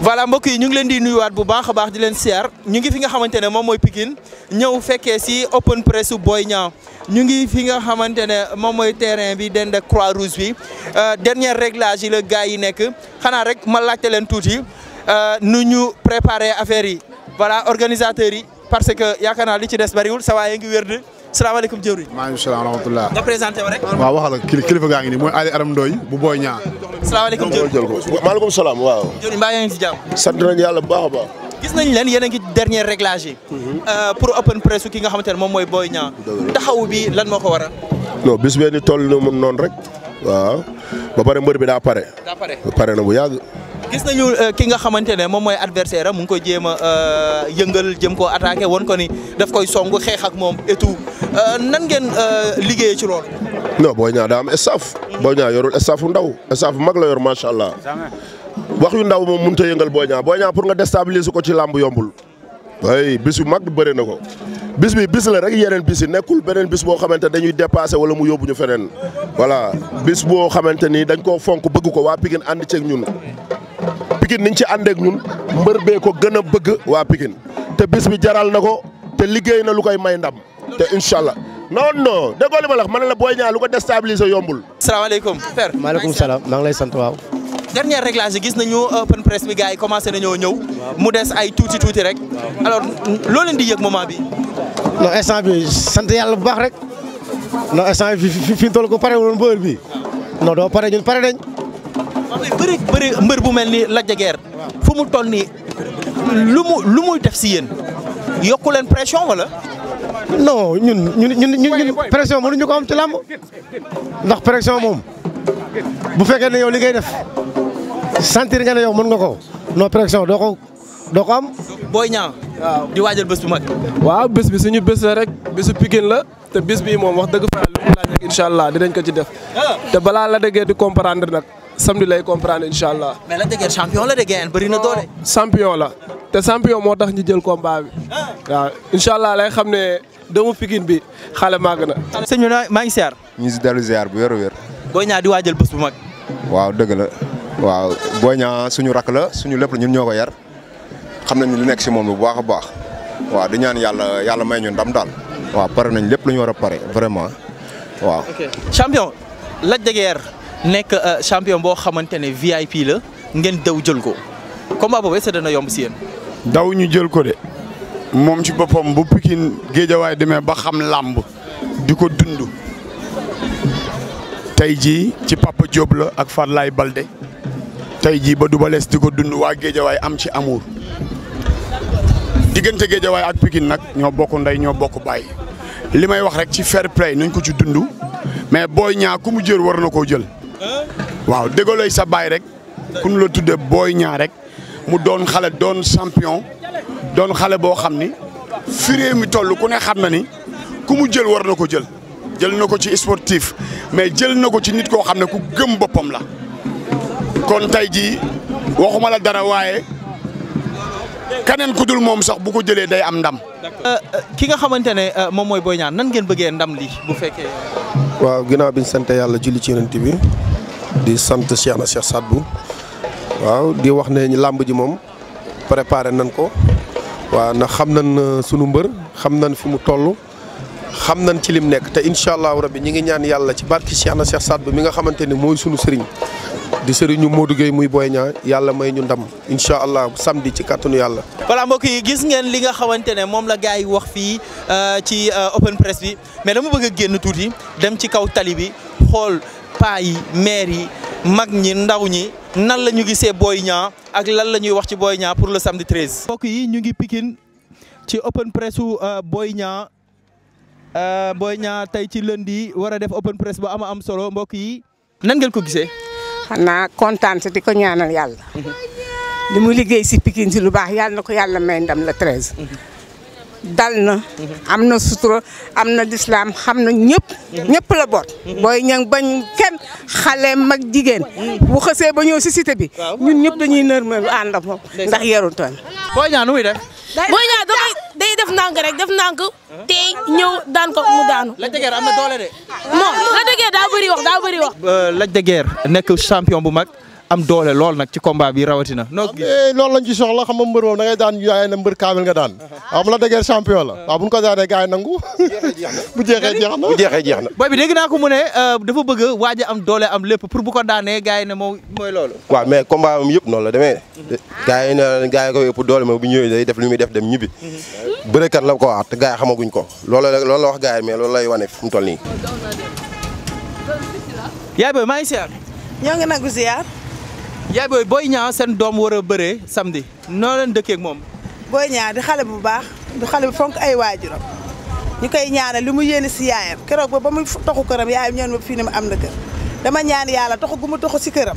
voilà mbokk yi ñu ngi leen di nuyuwaat bu baax a baax di leen siyaar ñu ngi fi nga xamante ne moom mooy Pikine ñëw fekkee si open press booy ñaa ñu ngi fi nga xamante ne moom mooy terrain bi dend ak Croix Rouge bi euh, dernier réglage yi la gars yi nekk xanaa rek ma laajte leen tuuti euh, nu ñu préparé affaire yi wala organisateurs yi parce que yaakaar naa li ci des bariwul sa waay ngi wér salaamaaleykum jëwriñ maaleykum salaam wa rahmatulah nga présenté wa rek waaw waxal kilifa gaa ngi nii mooy Ali Aram Ndoye bu Boy Niang salaamaaleykum jëwriñ maaleykum salaam waaw jëwriñ mbaa yaa ngi ci jàmm sant yàlla bu baax a baax gis nañ leen yéen a ngi dernier réglage yi euh, pour press ki nga xamante ne moom mooy Boy Niang taxaw bi lan moo ko waral non ni toll ni moom noonu rek waaw ba pare mbër bi daa pare daa pare na bu yàgg gis nañu euh, ki nga xamante ne moom mooy adversaire am mu ngi koy jéem a euh, yëngal jëm koo attaqué woon ko ni daf koy song xeex ak moom et tout euh, nan ngeen liggéeyee ci loolu. non Boy Niang daa am staff. Hmm. Boy Niang yorul staff ndaw staff mag la yor macha allah. wax yu ndaw moom mun a yëngal Boy Niang Boy Niang pour nga déstabiliser ko ci làmb yombul. ay bis yu mag bëri na ko. bis bi bis la rek yeneen bis yi nekkul beneen bis boo xamante dañuy dépassé wala mu yóbbu ñu feneen. wala bis boo xamante ni dañ koo fonk bëgg ko waa Pikine ànd ceeg ñun. Pikine niñ ci àndeek ñun mbër bee ko gën a bëgg waa Pikine te bis jaral na ko te liggéey na lu koy may ndam te incha allah non non déggoo li ma la wax man la Boy Niang lu ko déstabiliser yombul. asalaamaaleykum. père maaleykum salaam maa lay sant waaw. dernier réglage gis nañu open press bi gars yi commencé nañoo ñëw. mu des ay tuuti tuuti rek. alors loo leen di yëg moment bi non instant bi sant yàlla bu baax rek. non instant bi fi ko pare woon bër bi. non doo pare ñun pare nañ. bëri mbër bu mel ni la de Guiers fu mu toll nii lu lu muy def si yéen yokku leen pression wala. non ñun ñun ñun ñun pression mënuñu ko am ci làmb ndax pression moom bu fekkee ne yow li def sentir nga ne yow mën nga ko non pression doo ko doo ko am. booy ñaaw waaw di waajal bés bu mag. waaw bés bi suñu bés la rek bésu Pikine la te bés bii moom wax dëgg fa lu mu laaj rek incha allah dinañ ko ci def ah. te balaa la déggee di comprendre nag. samedi lay comprendre incha allah. mais la dëgër champion la de gain bëri na doole. la te champion moo tax ñu jël combat bi ah. waaw incha allah lay xam ne doomu Pikine bi xale màgg na. sëñ bi maa ngi ziar. ñu ngi si dellu ziar bu wér a wér. Boy Niang di waajal bés bu mag. waaw dëgg la waaw Boy Niang suñu rak la suñu lépp la ñun ñoo yar xam nañ li nekk si moom bu baax a baax waaw di ñaan yàlla yàlla may ñu ndam daal waaw pare nañ lépp lu ñu war a pare vraiment waaw. champion Lac de Guiers nekk euh, champion boo xamante ne VIP la ngeen daw jël ko comme boobu est-ce que dana yomb si daw ñu jël ko de moom ci boppam bu Pikine géejawaay demee ba xam làmb di ko dund tey ji ci Papa Diop la ak Farlaay Balde tey jii ba Double Less di ko dund waa géejawaay am ci amour diggante géejawaay ak Pikine nag ñoo bokk ndey ñoo bokk bàyyi li may wax rek ci fair play nañ ko ci dund mais booy Niang ku mu jël war na koo jël. waaw dégalooy sa baay rek ku ñu la tuddee booy ñaar rek mu doon xale doon champion doon xale boo xam ni fi réew mi toll ku ne xam na ni ku mu jël war na ko jël jël na ko ci sportif mais jël na ko ci nit koo xam ne ku gëm boppam la kon tey jii waxuma la dara waaye keneen ku dul moom sax bu ko jëlee day am ndam. Euh, euh, ki nga xamante ne euh, moom mooy Boy Niang nan ngeen bëggee ndam li bu fekkee. waaw ginnaaw bi ñu sant yàlla julli ci yonent bi di sant Cheikh na Cheikh Sadbou waaw di wax ne làmb ji moom préparé nañ ko waaw ndax xam nañ euh, sunu mbër xam nañ fi mu toll xam nañ ci lim nekk te incha allahu rabbi ñi ngi ñaan yàlla ci barki Cheikh na Cheikh Sadbou mi nga xamante ni mooy sunu sëriñ di sëriñu Modou Gueye muy booy Niang yàlla may ñu ndam incha allah samedi ci kàttanu yàlla. voilà mbokk yi gis ngeen li nga xamante ne moom la gars yi wax fii euh, ci euh, open press bi mais dama bëgg a génn tuuti dem ci kaw paa yi maire yi mag ñi ndaw ñi nan la ñu gisee Boy Niang ak lan la ñuy wax ci booy ñaa pour le samedi 13. mbokk yi ñu ngi pikin ci open press su euh, Boy Niang euh, Boy Niang tey ci lundi war a def open press bu ama am solo mbokk yi nan ngeen ko gisee. xanaa kontaan te di ko ñaanal yàlla. Mhm. li mu liggéey si Pikine si lu baax yàlla na ko yàlla may ndam la 13. dal na am na sutura am na lislaam xam na ñëpp ñëpp la boot booy ñang bañ kenn xale mag jigéen bu xësee ba ñëw si cité bi ñun ñëpp dañuy nërmelu ànd ak moom ndax yarutoon booy ñaa nu muy def booy day def ndànk rek def ndànk tey ñëw daan ko mu daanu Lac de Guiers daa bëri wax daa bëri wax euh, Lac de Guiers nekk champion bu mag am doole lool nag ci combat bi rawatina. noo gisee eh, loolu soxla xam mbër moom da daan yaay na mbër kaamil nga daan. waaw mu la déggee champion la. waaw bu ñu ko daanee gars yi nangu. bu jeexee na bu jeexee jeex na. booy bi dégg naa ko mu ne euh, dafa bëgg a am doole am lépp pour bu ko daanee gars yi ne moom mooy loolu. waaw mais combat am yëpp noonu la demee. gars yi ne gars yi ko yëpp doole moom bu ñëwee day def li muy def dem ñibbi. bërëkat la ko waat te gars yi xamaguñ ko loolu la loolu la wax gars yi mais loolu lay wane fi mu tol nii. yaay booy maa ngi siyaar. ñoo yaay booy Boy Niang seen doom war a bëree samedi noo leen dëkkee moom. Boy Niang di xale bu baax du xale bu fonk ay waajuram ñu koy ñaanal li mu yéene si yaayam keroog ba ba mu toxu këram yaayam ñaan ma fii ne mu am na kër dama ñaan yàlla toxu gu mu toxu si këram.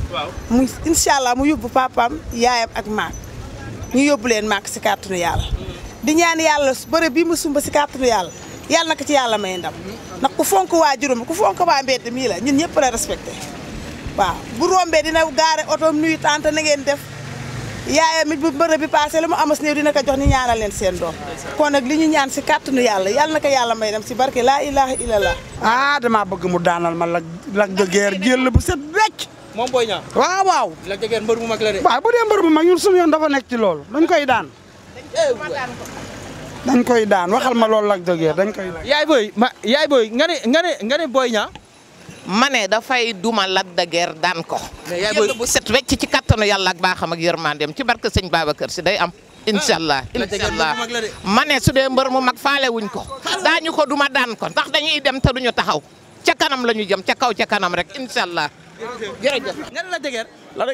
mu incha allah mu yóbbu papaam yaayam ak maak ñu yóbbu leen maak si kàttanu yàlla. di ñaan yàlla su bëre bii mu sumba si kàttanu yàlla yàlla na ko ci yàlla may ndam. ndax ku fonk waajuram ku fonk waa ñun ñëpp la respecté. waaw bu rombee dina gaare oto nuyu tante na ngeen def yaayam it bu bërëb bi paase la mu amas néew dina ko jox ni ñaanal leen seen doom kon nag li ñu ñaan si kàttanu yàlla yàlla na ko yàlla may dem si barke laa ilaha la ah damaa bëgg mu daanal ma lak lak dëggeer jël bu set wecc moom booy ñaan waaw waaw lak dëggeer mbër bu mag la de waaw bu dee mbër bu mag ñun suñu yoon dafa nekk ci loolu dañ koy daan dañ koy daan waxal ma loolu lak dëggeer dañ koy yaay booy ma yaay booy nga ne nga ne ma ne dafay duma Lac de Guiers daan ko. mais bu set wecc ci kattanu yàlla ak baaxam ak dem ci barke sëñ Babacar si day am. incha allah incha allah ma ne su dee mbër mu mag faale wuñ ko dañu ko duma daan ko ndax dañuy dem te duñu taxaw ca kanam la ñu jëm ca kaw ca kanam rek incha allah. jërëjëf nga ne Lac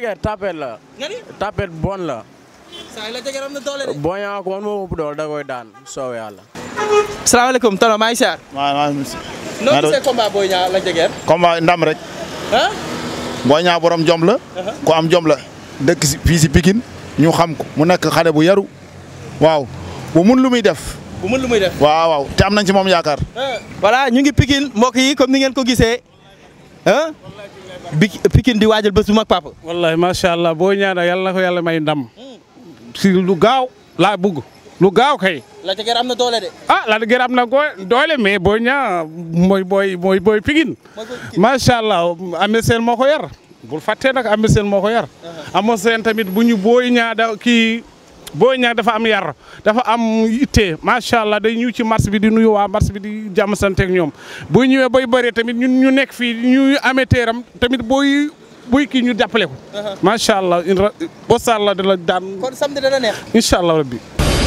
la. nga ni la. saa yi Lac de Guiers am na ko man moo ëpp doole da daan soowee yàlla. salaamaaleykum Tono maa ngi siyaar. waaw maa ngi noo gisee combat Boy Niang Lac de Guiers. ndam rek. ah. Boy borom jom la. Uh-huh. ku am jom la. dëkk si fii si Pikine ñu xam ko mu nekk xale bu yaru. waaw bu mun lu muy def. bu lu muy def waaw waaw te am nañ si moom yaakaar. voilà ñu ngi Pikine mbokk yi comme ni ngeen ko gisee ah. Pikine di waajal ba bu mag papa. wallahi macha allah Boy Niang yàlla ko yàlla may ndam. si lu gaaw laa bëgg. lu gaaw kay. Lac de am na doole de. ah Lac de am na doole mais booy ñaa mooy booy mooy booy Pikine. macha allah Eumeu Sène moo ko yar. bul fàttee nag Eumeu Sène moo ko yar. Eumeu uh-huh. Sène tamit bu ñu Boy Niang kii Boy Niang dafa am yar dafa am ittee macha allah day ñëw ci match bi di nuyu waa match bi di jàmm santeeg ñoom. bu ñëwee booy bëree tamit ñun ñu nekk fii ñu ame teeram tamit booy. buy kii ñu jàppale ko. Uh-huh. macha allah incha allah dina daan. kon samedi allah rabbi.